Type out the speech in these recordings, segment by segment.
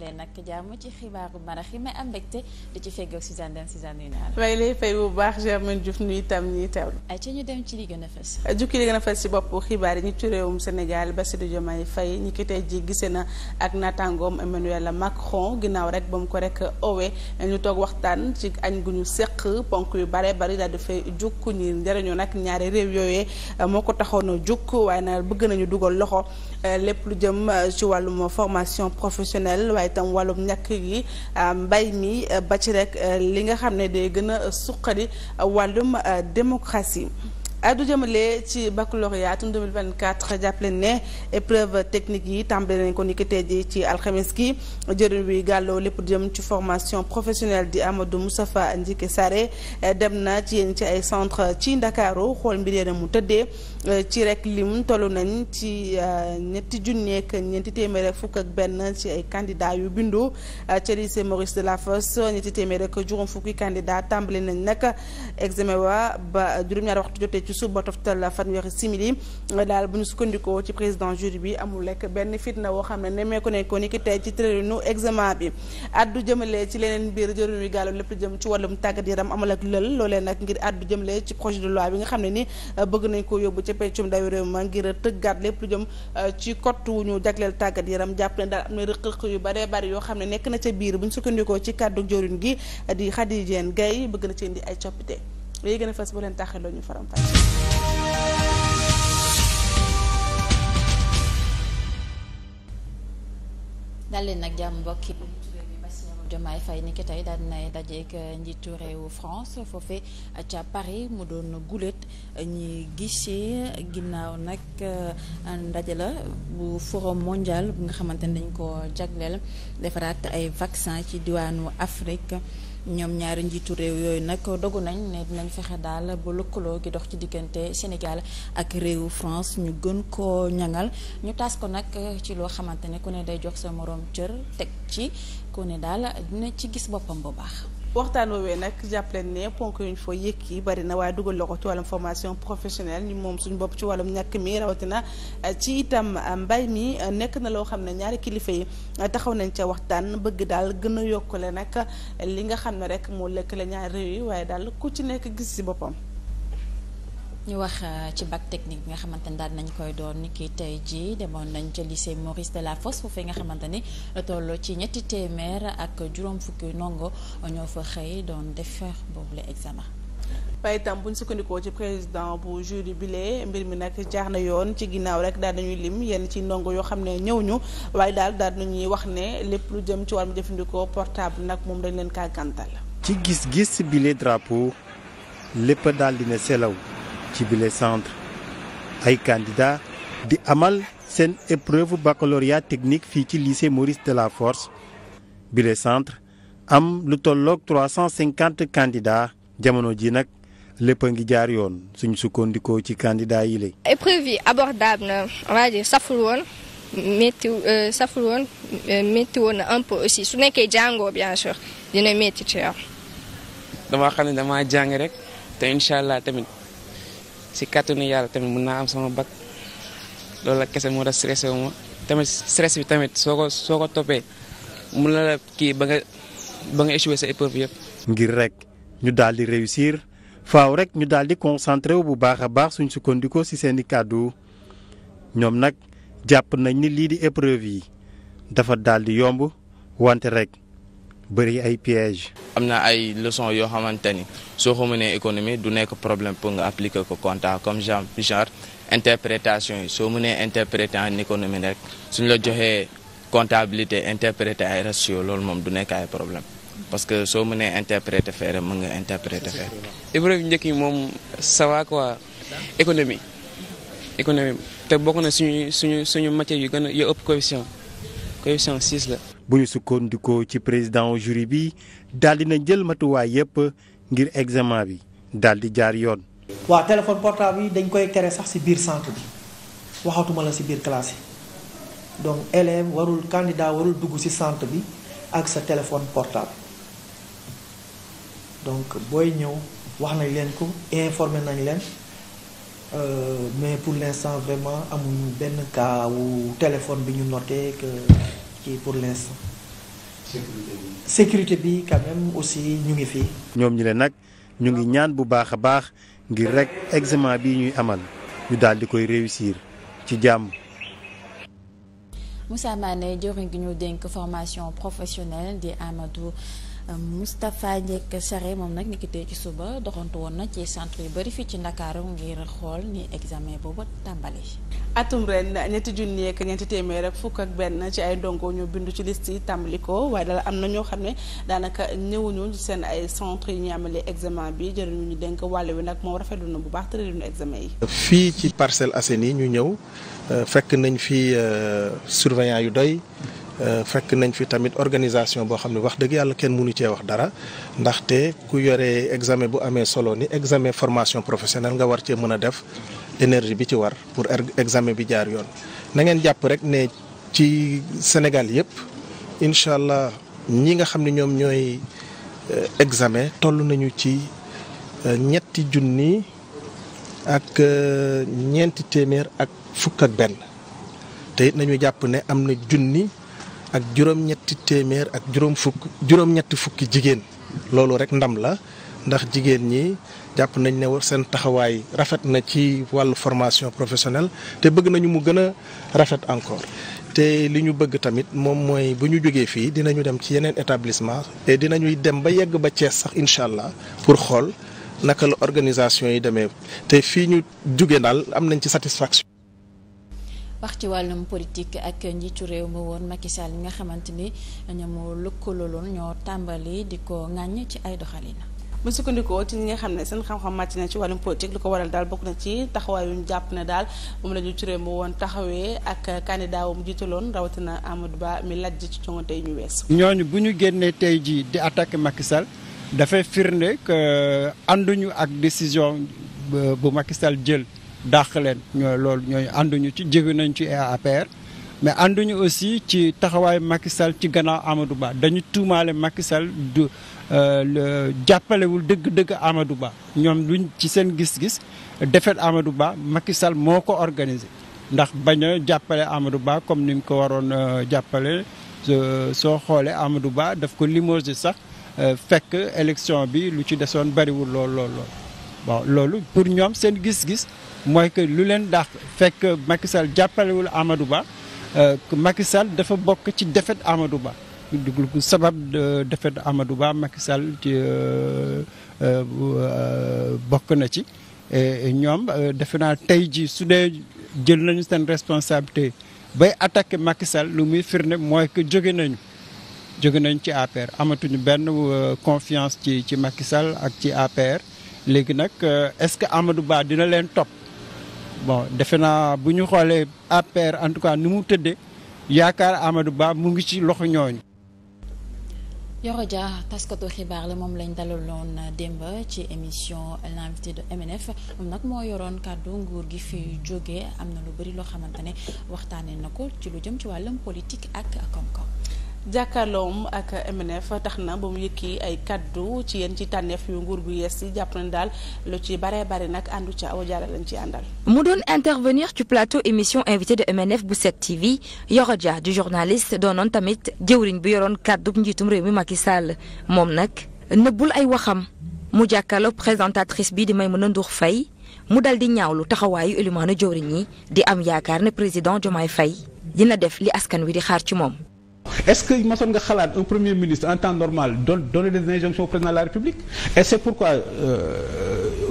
leen nag jàmm ci xibaaru marax yi may am mbégte di ci feggoog Suzanne Deme Suzanne nuyu naa la. may lay fay bu baax Germaine Diouf nuyu itam ñuy teewlu. ci ñu dem ci li gën a fës. jukki li gën a fës si bopp xibaar yi ñu ci réewum Sénégal Bassirou Diomaye Faye ak naataangoom Emmanuel Macron ginnaaw rek ba mu ko rek owee ñu toog waxtaan ci añ gu ñu seq ponk yu bare bari daal dafay jukk ñi njëriñoo nag ñaari réew yooyee moo ko taxoon a jukk waaye nag bëgg nañu dugal loxo eh, lépp lu jëm eh, ci tam itam wàllum ñàkk gi euh, mbay mi euh, ba ci rek euh, li nga xam ne day gën a suqali wàllum démocratie addu jëmale ci baccalauréat atum 2024 jàppale ne épreuve technique yi tàmbali nañ ko ni ki tey ji ci alxames gi jëriñ bi gàlloo lépp jëm ci formation professionnelle di Amadou Moustapha Ndike Sare dem na ci yéen ci ay centre ci Ndakaaru xool mbir yéen mu tëddee Euh, ci rek lim tollu nañ ci euh, ñetti junni ak ñeenti téeméer ak fukk ak benn ci ay candidats yu bindu euh, ca lycée la Delafosse ñetti téeméer ak juróom fukki candidat tàmbali nañ nag examen wa ba juróom-ñaari waxtu jotee ci suba toftal fanweeri simili daal bu ñu sukkandikoo ci président jury bi amul lekk benn fitna woo xam ne nemmeeku nañ ko ni ki tey ci tëralinu examen bi addu jëmale ci leneen biir jëriñu yu gàllu lépp jëm ci wàllum tàggat yaram amal ak lël loolee nag ngir addu jëmale ci projet de loi bi nga xam ne ni bëgg nañ ko peccum ndawi réew ma ngir tëggaat lépp lu jëm euh, ci kott wu ñu jagleel tàggat yaram jàpp ne daal am na rëq-rëq yu baree bari yoo xam ne nekk na ca biir bu ñu sukkandikoo ci kàddu joriñ gi di Khady Diène gay bëgg na ci indi ay coppite léegi gën a fas bu leen taxaloo ñu faram fàcce daal leen nag yi Diomaye Faye ni ki tey daal dinay dajeek euh, njiitu réewu France foofe ca Paris mu doon guléet ñi gisee ginnaaw nag euh, ndaje la bu forum mondial bu nga xamante ne dañ ko jagleel defaraat ay vaccin ci diwaanu Afrique ñoom ñaari njiitu réew yooyu nag dogu nañ ne dinañ fexe daal ba lëkkaloo gi dox ci diggante Sénégal ak réewu France ñu gën ko ñaŋal ñu taas ko nag euh, ci loo xamante ne ku ne day jox sa moroom cër teg ci ko ne daal dina ci gis boppam bu baax waxtaan woowee nag jàpp leen ne ponk yuñ foo yëkki bari na waaye dugal loxo ci wàllum formation professionnelle ñu moom suñu bopp ci wàllum ñàkk mii rawatina ci itam mbay mi nekk na loo xam ne ñaari kilifa yi taxaw nañ ca waxtaan bëgg daal gën a yokkule nag li nga xam ne rek moo lëkkale ñaari réew yi waaye daal ku ci nekk gis ci boppam ñu wax euh, ci bac technique bi nga xamante ni daal nañ koy doon ki tey jii demoon nañ ca lycée la Delafosse foofee nga xamante ni toll ci ñetti téeméer ak juróom fukki ndongo ñoo fa xëy doon defar boobu la examen. waaye itam bu sukkandikoo ci président bu jury bile mbir mi nag jaax na yoon ci ginnaaw rek daal dañuy lim yenn ci ndongo yoo xam ne ñëw ñu waaye daal daal nañuy wax ne lépp lu jëm ci wàllum jëfandikoo portable nag moom dañ leen kaa gàntal. ci gis-gis bile drapeau lépp daal dina selaw. ci bile centre ay candidat di amal seen épreuve baccalauréat technique fii ci lycée Maurice Delafosse bile centre am lu tolloog 350 candidats jamono ji nag lépp a ngi jaar yoon suñ sukkandikoo ci candidat yi la. épreuve yi abordable na on va saful woon métti euh, euh, woon na un peu aussi su nekkee jàngoo bien sûr dina métti ci dama xam ne dama jàng rek te incha allah tamit. si kàttanu yàlla tamit mun naa am sama bac loolu la kese moo tax stressé wu ma tamit stress bi tamit soo ko soo ko toppee mun na kii ba nga ba nga échoué sa épreuve yëpp. ngir rek ñu daal di réussir faw rek ñu daal di concentré wu bu baax a baax suñ sukkandikoo si seen i kàddu ñoom nag jàpp nañ ni lii di épreuve yi dafa daal di yomb wante rek bëri ay piège am na ay leçons yoo xamante ni soo ko mënee économie du nekk problème pour nga appliquer ko compta comme genre genre interprétation yi soo mënee interpréter en économie rek suñ la joxee comptabilité interpréter ay ratio loolu moom du nekk ay problème parce que soo mënee interpréter fee rek mën nga interpréter fee. épreuve yi moom ça va quoi économie te bokk na suñu suñu suñu matière yu gën a yu ëpp coefficient révision 6 la. bu ñu sukkandikoo ci président jury bi daal di na jël matuwaay yépp ngir examen bi daal di jaar yoon. waa téléphone portable yi dañ koy tere sax ci biir centre bi waxatuma la ci biir classe yi donc élève warul candidat warul dugg ci centre bi ak sa téléphone portable donc booy ñëw wax nañ leen ko informé nañ leen euh, mais pour sant vraiment amuñu benn cas téléphone bi ñu noté kii pour l'instant sécurité bi quand même aussi ñu ngi fii ñoom ñi leen nag ñu ngi ñaan bu baax a baax ngir rekk examen bi ñuy amal ñu daal di koy réussir ci jàmm Moussa Mané Euh, Moustapha Ndiek Sarré moom nag ni ki tey ci suba doxantu woon na ci centre yu bari fii ci Ndakaaru ngir xool ni examen boobu tàmbali. atum ren ñetti junni ak ñetti téeméer rek fukk ak benn ci ay ndongo ñoo bindu ci list yi tàmbali ko waaye daal am na ñoo xam ne daanaka ñëwuñu ci seen ay centre yu ñu amalee examen bi jëriñu ñu dénk wàll wi nag moom rafet rafetlu na bu baax tëralu na examen yi. fii ci Parcelles Assainies ñu ñëw euh, fekk nañ fi euh, surveillant yu doy. Euh, fekk nañ fi tamit organisation boo xam ne wax dëgg yàlla kenn mënu cee wax dara ndaxte ku yore examen bu amee solo ni examen formation professionnelle nga war cee mën a def énergie bi ci war pour er, examen bi jaar yoon. na ngeen jàpp rek ne ci Sénégal yëpp incha allah ñi nga xam ne ñoom ñooy euh, examen toll nañu ci euh, ñetti junni ak ñeenti téeméer ak fukk ak benn te it nañu jàpp ne am na junni. ak juróom-ñetti téeméer ak juróom fukk juróom-ñetti fukki jigéen loolu rek ndam la ndax jigéen ñi jàpp nañ ne seen taxawaay rafet na ci wàll formation professionnelle te bëgg nañu mu gën a rafet encore te li ñu bëgg tamit moom mooy bu ñu jógee fii dina ñu dem ci yeneen établissement dina ñuy dem ba yegg ba Thiès sax incha allah pour xool naka la organisation yi demee te fii ñu jóge daal am nañ ci satisfaction wax ci wàllum politique ak njiitu réew ma woon Macky Sall mi nga xamante ni ñamu lëkkaloon ñoo tàmbali di ko ŋàññ ci ay doxalin. bu sukkandikoo ci ñi nga xam ne seen xam-xam màcc na ci wàllum politique lu ko waral daal bokk na ci taxawaay yu jàpp ne daal moom la ñu turee mu woon taxawee ak candidat wu mu jiitaloon rawatina Amadou Ba mi lajj ci joŋante yi ñu wees. ñooñu bu ñu génnee tey jii di attaquer Macky Sall dafay firnde que ànduñu ak décision bu Macky Sall jël. dàq leen ñooy loolu ñooy ànduñu ci jege nañ ci APR mais ànduñu aussi ci taxawaayu Macky Sall ci gannaaw amadu Ba dañu tuumaale Macky Sall du euh, jàppalewul dëgg-dëgg Amadou Ba ñoom luñ ci seen gis-gis defet amadu Ba Macky Sall moo ko organisé ndax bañ jàppale amadu baax comme ni mu ko waroon euh, jàppale euh, soo xoolee amadu Ba daf ko limogé sax fekk élection bi lu ci desoon bariwul lool loolu pour ñoom seen gis-gis mooy que lu leen daax fekk Macky Sall jàppalewul Amadou Ba euh, Macky Sall dafa bokk ci défaite Amadou Ba dugul ko sabab défaite Amadou Ba Macky Sall ci euh, euh, bokk na ci ñoom defe naa tey ji su dee jël nañu seen responsabilité bay attaqué Macky lu muy firnde mooy que jóge nañu jóge nañu ci APR amatuñu benn confiance ci ci Macky ak ci APR léegi nag est-ce que Amadou Ba dina leen topp bon defe naa bu ñu xoolee APR en tout cas ni mu tëddee yaakaar Amadou Ba mu ngi ci loxo ñooñu. Yoro Dia taskatu xibaar la moom lañ dalaloon démba ci émission l'invité de MNF moom nag moo yoroon kàddu nguur gi fi jóge am na lu bari loo xamante ne waxtaanee na ko ci lu jëm ci wàllum politique ak koom-koom. jàkkaarloom ak MNF tax na ba mu yëkki ay kaddu ci yéen ci tànneef yu nguur gu yees yi jàpp nañ daal lu ci bare bari nag àndu ca aw jaara lañ ci àndal. mu doon intervenir ci plateau émission invité de MNF bu 7TV Yoro Dia di journaliste doonoon tamit jëwriñ bi yoroon kaddu njiitum réew mi mag Macky Sall moom nag nëbbul ay waxam mu jàkkaarloo présentatrice bi di may mën a Ndour Faye mu dal di ñaawlu taxawaayu élimaanu jëwriñ yi di am yaakaar ne président Diomaye Faye dina def askan wi di xaar ci moom. est-ce que mosoon nga xalaat un premier ministre en temps normal doon donner des injonctions au président de la République et c'est pourquoi euh,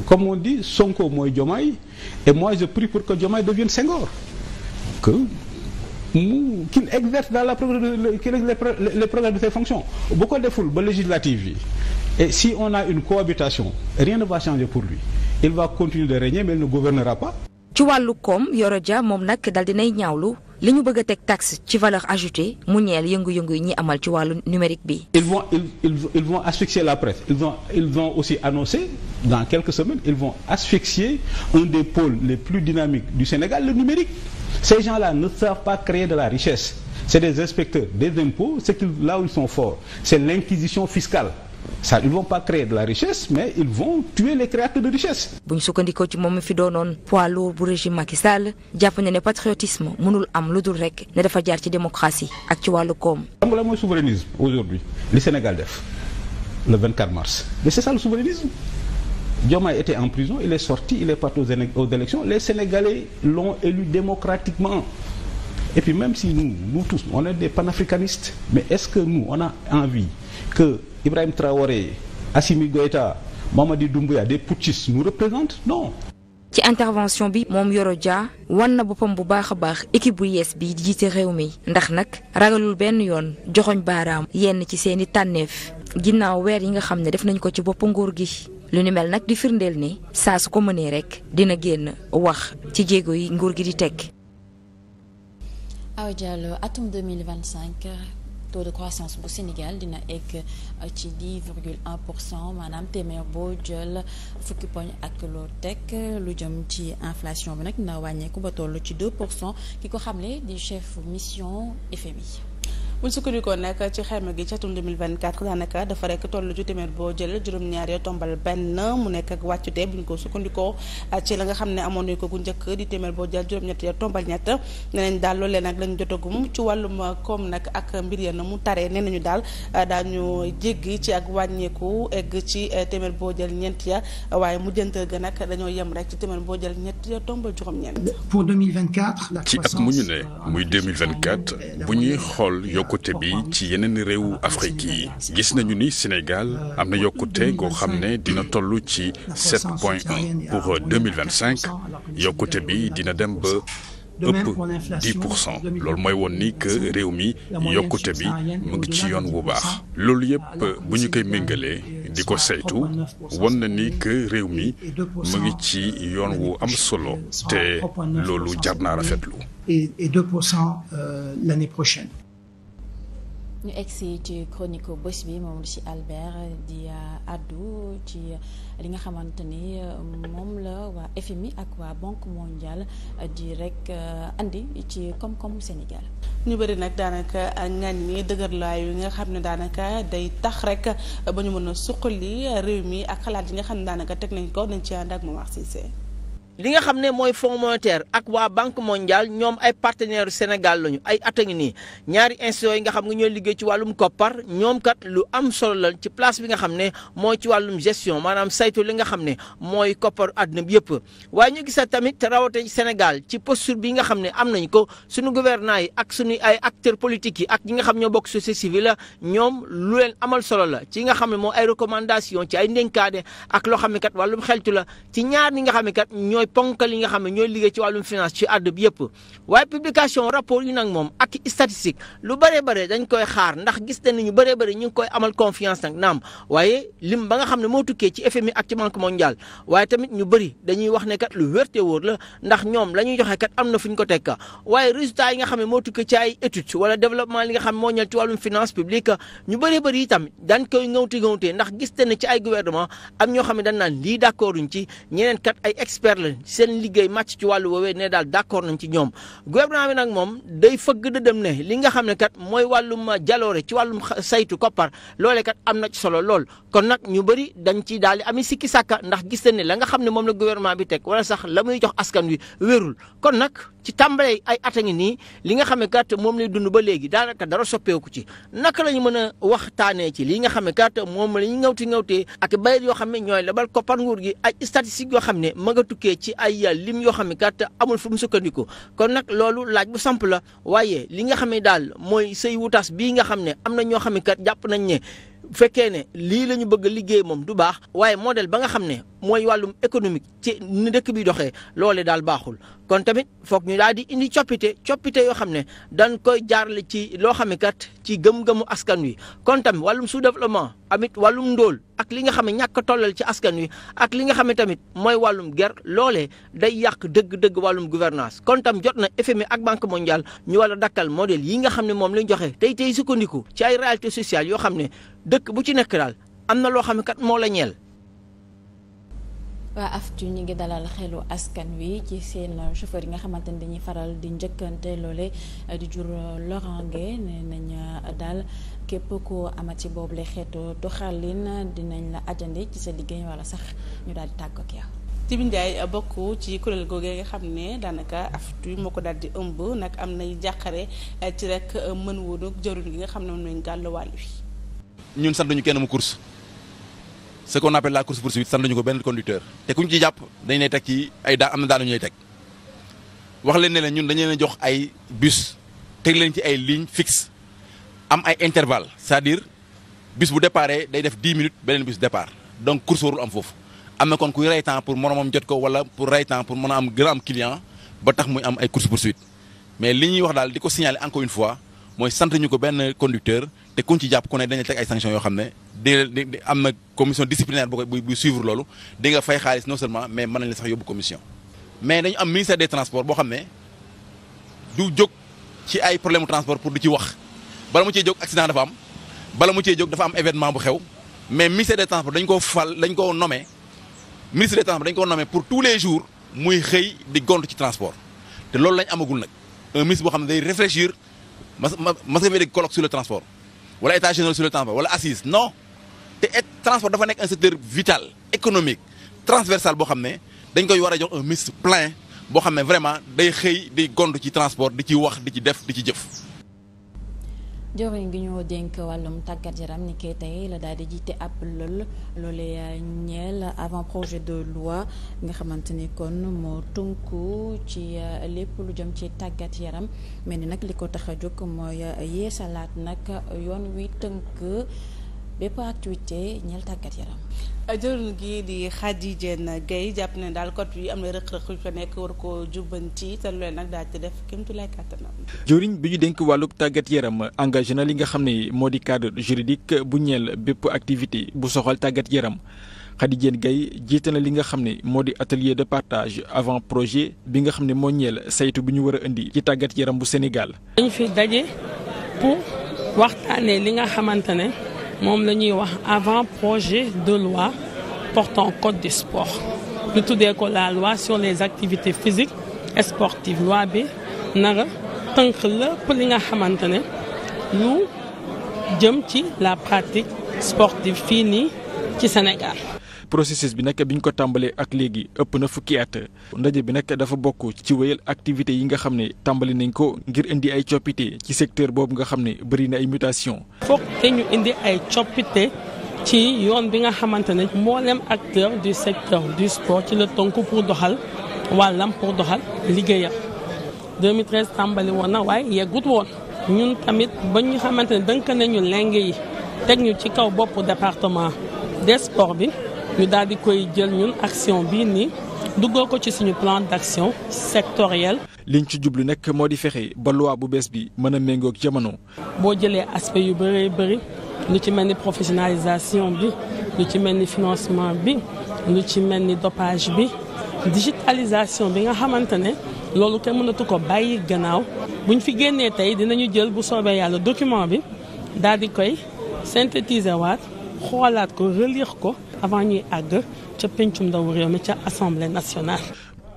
comme on dit Sonko mooy Diomaye et mois je prie pour que Diomaye devienne Senghor que mu qu'il exerce dans la qu'il exerce les programmes de ses fonctions bu ko deful ba législative yi et si on a une cohabitation rien ne va changer pour lui il va continuer de régner mais il ne gouvernera pas ci wàllu kom Yoro Dia moom nak dal dinay ñaawlu li ñu bëgg a teg taxe ci valeur ajoutée mu ñeel yëngu-yëngu yi ñuy amal ci wàllu numérique bi. ils vont ils, ils la presse ils vont ils vont aussi annoncer dans quelques semaines ils vont asphyxier un des pôles les plus dynamiques du Sénégal le numérique ces gens-là ne savent pas créer de la richesse c'est des inspecteurs des impôts c'est là où ils sont forts c'est l'inquisition fiscale. ça ils vont pas créer de la richesse mais ils vont tuer les créateurs de richesse. bu ñu sukkandikoo ci moom mi fi doonoon poids bu régime Macky Sall jàpp na ne patriotisme mënul am lu dul rek ne dafa jaar ci démocratie ak ci wàllu koom. la mooy souverainisme aujourd'hui li Sénégal def le mars mais c'est ça le souverainisme. Diomaye était en prison il est sorti il est parti aux élections les Sénégalais l'ont élu démocratiquement. et puis même si nous nous tous on est des mais est-ce que nous a envie que Ibrahim Traoré Assimi Goïta Mamadi Doumbouya des putschistes nous représentent non. ci intervention bi moom Yoro Dia wan na boppam bu baax a baax équipe bu yees bi jiite réew mi ndax nag ragalul benn yoon joxoñ baaraam yenn ci seeni tànneef ginnaaw weer yi nga xam ne def nañ ko ci bopp nguur gi lu ni mel nag di firndeel ni saa su ko mënee rekk dina génn wax ci jéego yi nguur gi di teg. Awa Diallo atum 2025 taux de croissance bu Sénégal dina egg euh, ci 10 virgule pour cent maanaam téeméer boo jël fukki poñ ak loo teg lu jëm ci inflation bi nag dina wàññeeku ba toll ci 2 pour ki ko xamle di chef mission FMI. buñ sukkandikoo nag ci xayma gi ci atum 2024 daanaka dafa rek toll ju téeméer boo jël juróom-ñaar ya tombal benn mu ko sukkandikoo ci la nga xam ne amoon nañ ko bu njëkk di téeméer boo jël juróom-ñett ya tombal ñett ne nañ daal loolee nag lañ jotagum ci wàllum koom nag ak mbir ya na mu taree nee daal daañu jéggi ci ak wàññeeku egg ci téeméer boo jël ñeent ya waaye mu ga nag dañoo yem rek ci téeméer boo jël ñett ya tombal juróom-ñeent pour 2024 ci at mu ñu ne muy bu ñuy xool yokku yokkute bi ci yeneen réewu Afrique yi gis nañu ni Sénégal am na yokkute goo xam ne dina toll ci 7.1 pour 2025 yokkute bi dina dem ba ëpp 10 pour loolu mooy woon ni que réew mi yokkute bi mu ngi ci yoon bu baax loolu yëpp bu ñu koy méngalee di ko saytu won na ni que réew mi mu ngi ci yoon wu am solo te loolu jar naa rafetlu. ñu egsi ci chronique bés bi moom ci Albert di euh, addu ci euh, li nga xamante ni euh, moom la waa FMI ak waa Banque mondiale di rek andi ci koom-koomu Sénégal. ñu bëri nag daanaka ñaan mi dëgërlaay yi nga xam ne daanaka day tax rek ba ñu mën a suqali réew mi ak xalaat yi nga xam ne daanaka teg nañu ko nañ ci ànd ak Momar Cissé li nga xam ne mooy fonds monétaire ak waa banque mondiale ñoom ay partenaires Sénégal lañu ay at a nii ñaari institutions yi nga xam nga ñooy liggéey ci wàllum koppar ñoom kat lu am solo la ci place bi nga xam ne mooy ci wàllum gestion maanaam sayto li nga xam ne mooy koppar àdduna bi yëpp. waaye ñu gis tamit rawate ci Sénégal ci posture bi nga xam ne am nañ ko suñu gouvernants yi ak suñu ay acteurs politiques yi ak ñi nga xam ñoo bokk société civile la ñoom lu leen amal solo la ci nga xam ne mooy ay recommandations ci ay ndénkaane ak loo xam kat wàllum xeltu la ci mooy li nga xam ne ñooy liggéey ci wàllum finance ci àdd bi yëpp waaye publication rapport yi nag moom ak statistique lu bëree bëri dañ koy xaar ndax gis nañ ni ñu bëree bëri ñu ngi koy amal confiance nag naam waaye lim ba nga xam ne moo tukkee ci FMI ak ci Banque mondiale waaye tamit ñu bëri dañuy wax ne kat lu wérte la ndax ñoom la ñuy joxe kat am na fu ñu ko teg ka waaye résultat yi nga xam ne moo tukkee ci ay études wala développement li nga xam ne moo ñel ci wàllum finance publique ñu bëree bëri itam dañ koy ngawti ngawtee ndax gis nañ ci ay guvernement am ñoo xam ne dañ naan lii d'accorduñ ci ñeneen kat ay expert la jël seen liggéey màcc ci wàllu woowee ne daal d'accord nañ ci ñoom gouvernement bi nag moom day fëgg da dem ne li nga xam ne kat mooy wàllum jaloore ci wàllum saytu koppar loole kat am na ci solo lool kon nag ñu bëri dañ ci daal di ami sikki sàkka ndax gis nañ ne la nga xam ne moom la gouvernement bi teg wala sax la muy jox askan wi wérul kon nag ci tàmbale ay at nii li nga xam ne kat moom lay dund ba léegi daanaka dara soppeeku ci naka la ñu mën a wax taanee ci li nga xam ne kat moom la ñu ngawti ngawtee ak bayit yoo xam ne ñooy labal koppar nguur gi ay statistiques yoo xam ne ma tukkee ci ay lim yoo xam ne kat amul fu mu sukkandiku kon nag loolu laaj bu samp la waaye li nga xam ne daal mooy sëy wutaas bii nga xam ne am na ñoo xam ne jàpp nañ ne fekkee ne lii la ñu bëgg liggéey moom du baax waaye modèle ba nga xam ne mooy wàllum économique ci ni dëkk bi doxee loole daal baaxul kon tamit foog ñu daal di indi coppite coppite yoo xam ne dañ koy jaarale ci loo xam kat ci gëm-gëmu askan wi kon tamit wàllum sous développement amit wàllum ndóol ak li nga xam ne ñàkk tollal ci askan wi ak li nga xam ne tamit mooy wàllum ger loole day yàq dëgg-dëgg wàllum gouvernance kon tam jot na FMI ak banque mondiale ñu war a dakkal modèle yi nga xam ne moom lañ joxe tey tey sukkandiku ci ay réalité sociale yoo xam ne dëkk bu ci nekk daal am na loo xam ne kat moo la ñeel waa aftu ñu ngi dalal xelu askan wi ci seen chauffeur yi nga xamante ni dañuy faral di njëkkante loole di jur lorange ne nañ daal képp amat ci boobu la xeetu doxalin dinañ la ajandi ci sa liggéey wala sax ñu daal di tàgg ak yow. Tibi Ndiaye bokk ci kuréel googee nga xam ne daanaka aftu moo ko daal di ëmb nag am nay jàqare ci rek mën woon ak jëruñ gi nga xam ne moom lañ gàlluwaal wi. ñun sant ñu kenn mu course ce qu'on appelle la course poursuite sant ñu ko benn conducteur te kuñ ñu jàpp dañ lay teg ci ay daa am na daanu ñuy teg wax leen ne leen ñun dañu leen jox ay bus teg leen ci ay ligne fix am ay intervalle c'est-à-dire bus bu départ day def dix minutes beneen bus départ donc course warul am foofu am na kon kuy rey temps pour moromam jot ko wala pour rey temps pour mën a am gën a ba tax muy am ay course poursuite mais li ñuy wax daal di ko signaler encore une fois mooy sant ñu ko benn conducteur te kuñ ci jàpp ko ne dañu teg ay sanctions yoo xam ne di am na commission disciplinaire bu koy buy suivre loolu di nga fay xaalis non seulement mais mën nañ la sax yóbbu commission. mais dañu am ministère des transports boo xam ne du jóg ci ay problème transport pour di ci wax bala mu cee jóg accident dafa am bala mu cee jóg dafa am événement bu xew mais ministère de transports dañ koo fal dañ ko nommé ministre des transports dañ koo nommé pour tous les jours muy xëy di gont ci transport te loolu lañ amagul nag un boo xam ne day réfléchir. mas mas nga fi dégg colloque le transport wala état général sur le transport wala assise non te transport dafa nekk un secteur vital économique transversal boo xam ne dañ koy war a jox un ministre plein boo xam ne vraiment day xëy di gond ci transport di ci wax di ci def di ci jëf. jëwriñ ngi ñoo dénk wàllum tàggat yaram ni kay tey la daal di jiite ab lol loole ñeel avant projet de loi nga xamante ni kon moo tënku ci euh, lépp lu jëm ci tàggat yaram mel ni nag li ko tax a jóg mooy euh, yeesalaat nag yoon wi tënk bépp activité ñeel tàggat yaram. jërëjëf gii di Khady Diène Gaye jàpp ne daal cot bi am na rëq-rëq yu fa nekk war ko jubbanti te loolu nag daal ci def kéem tolluwaay kattanam. joriñ bi ñu denk wàllub tàggat yaram engagé na li nga xam ne moo di cadre juridique bu ñeel bépp activité bu soxal tàggat yaram. Khady Diène Gaye jiite na li nga xam ne moo di atelier de partage avant projet bi nga xam ne moo ñeel saytu bi ñu war a indi ci tàggat yaram bu Sénégal. dañu fi daje li nga xamante ne moom la ñuy wax avant projet de loi portant code du sport ñu tuddee ko la loi sur les activités physiques et sportives loi bi nara tënk lépp li nga xamante ne lu jëm ci la pratique sportive fii nii ci Sénégal processus bi nag biñ ko tàmbalee ak léegi ëpp na fukki at ndaje bi nag dafa bokk ci wéyal activité yi nga xam ne tàmbali nañ ko ngir indi ay coppite ci secteur boobu nga xam ne bëri na ay mutation foog ñu indi ay coppite ci yoon bi nga xamante ne mboolem acteur du secteur du sport ci la tonk pour doxal wàllam pour doxal liggéeyam 2013 tàmbali woon na waaye yeggut woon ñun tamit ba ñu xamante ne dënk nañu lenge yi teg ñu ci kaw boppu département des sports bi ñu daal di koy jël ñun action bi nii duggal ko ci suñu plan d'action sectoriel. liñ ci jublu nekk moo di fexe ba loi bu bees bi mën a méngoog jamono. boo jëlee aspect yu bëree bëri lu ci mel ni professionnalisation bi lu ci mel ni financement bi lu ci mel ni doppage bi digitalisation bi nga xamante ne loolu kenn mënatu ko bàyyi gannaaw bu ñu fi génnee tey dinañu jël bu soobee yàlla document bi daal di koy synthétiser waat xoolaat ko relire ko. avant ñuy àgg ca pencum ndaw réew mi ca assemblée nationale.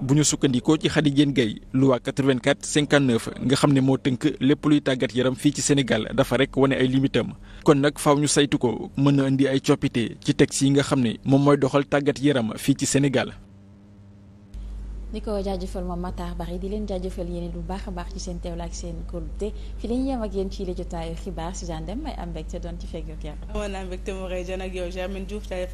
bu ñu sukkandikoo ci Khady Diène Gaye loi 84 59 nga xam ne moo tënk lépp luy tàggat yaram fii ci Sénégal dafa rek wane ay limitam kon nag faw ñu saytu ko mën na indi ay coppite ci texte yi nga xam ne moom mooy doxal tàggat yaram fii ci Sénégal. ni ko jaajëfal moom Matar Bari di leen jaajëfal yéen lu baax a baax ci seen teewla ak seen kóolute fi dañuy yem ak yéen ci la jotaayu xibaar si dem may am mbégte doon ci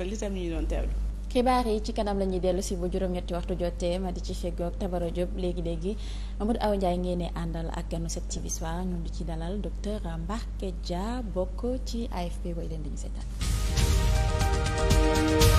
li tam ñu doon teewlu. xibaar yi ci kanam la ñuy dellu si bu juróom-ñetti waxtu jotee ma di ci feggoog Tabara Diop léegi-léegi Amadou Awa Ndiaye ngeen àndal ak ganu 7TV Soir ñu di ci dalal docteur Mbarké Dia bokk ci AFP booy leen di ñu seetaan